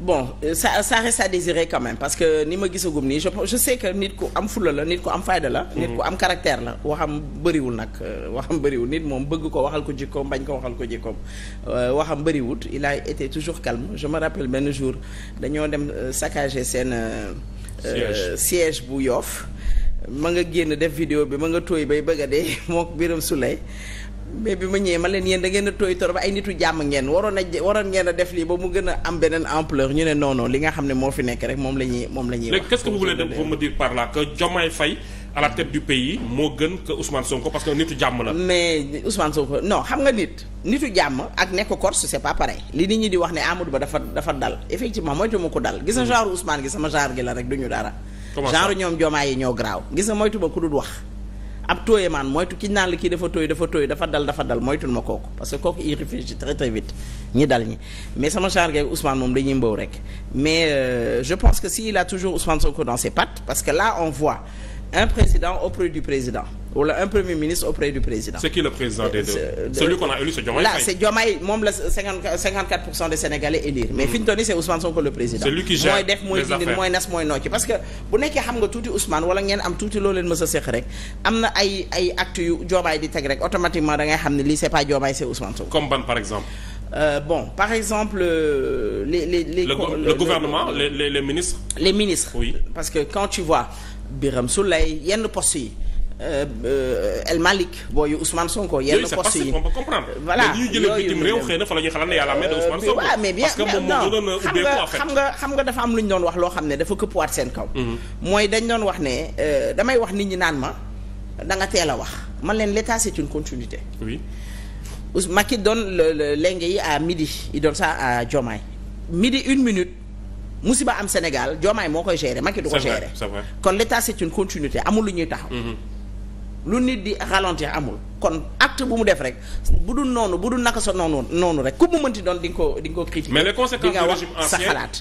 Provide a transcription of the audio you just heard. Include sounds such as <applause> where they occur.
bon sa euh, ça reste à désirer quand même parce que ni ma gisagum nii je je sais que nit ku am fulla la nit ku am fayda la. nit ku am caractère la waxam bëriwul nag euh, waxam bëriwul nit moom bëgg ko waxal ko jikkoom bañ ko waxal ko jikkoom euh, waxam bëriwul il a été toujours calme je me rappelle benn jour dañoo dem saccager seen. siège bu yoof ma nga génn def vidéo bi ma nga tooy bay bëgg de dee <laughs> mook Biram Souley mais bi ma ñëwee ma leen yéen da ngeen a tooy torop ay nitu jàmm ngeen waroon a waroon ngeen a def lii ba mu gën a am beneen ampleur ñu ne non li nga xam ne moo fi nekk rek moom la ñuy moom la ñuy wax. léegi qu'est-ce que vous voulez parce que nitu jàmm la. mais Ousmane Sonko non xam nga nit. nitu jàmm ak nekk Corse c'est pas pareil. li nit ñi di wax ne Amadou Ba dafa dafa dal effectivement moytu ma ko dal. gis nga mm-hmm. genre Ousmane gi sama genre gi la rek duñu dara. genre yi ñoo garaaw gis nga moytu ma ku wax ab tooyemaan moytu ki naan la kii dafa tooy dafa tooy dafa dal dafa dal moytul ma kooku parce que kooku il réfléchit très très vite ñi dal ñi mais sama chargé Ousmane moom dañuy mbaw rek mais euh, je pense que si a toujours Ousmane Sonko dans ses pattes parce que là on voit un président auprès président wala un premier ministre auprès du président. c'est qui le président des deux. Euh, celui moom la 54 54 pour mais fi ñu toll nii c'est Ousmane le président. mooy def mooy nas mooy nocci parce que bu nekkee xam nga tuuti Ousmane wala ngeen am tuuti loo leen mës rek am na ay ay yu Diomaye di teg rek automatiquement da xam ne lii c'est pas Diomaye c'est Ousmane Sonko. comme ban par exemple. Euh, bon par exemple euh, les les les. le, le, le gouvernement le, les les ministres. parce que quand tu vois Birame Souleye yenn Euh, euh, El Malick booyu Ousmane Sonko yenn postes yi voilà yooyu waaw mais bien non xam nga xam nga xam nga dafa am lu ñu doon wax loo xam ne dafa këppwaat seen kaw mhm. mooy dañ doon wax ne euh, damay wax nit ñi naan ma danga nga teel a wax man leen l'état c'est une continuité oui Macky donne le lenge yi à midi il donne ça à Diomaye midi une minute musiba am Sénégal joomaay moo koy gérer Macky du ko gérer kon l'état c'est une continuité amul lu ñuy taxaw mhm. lu nit di ralentir amul kon acte bu mu def rek bu dul noonu bu dul naka sa noonu noonu rek ku mu mënti doon di nga ko di nga ko critiquer mais les nga wax sa xalaat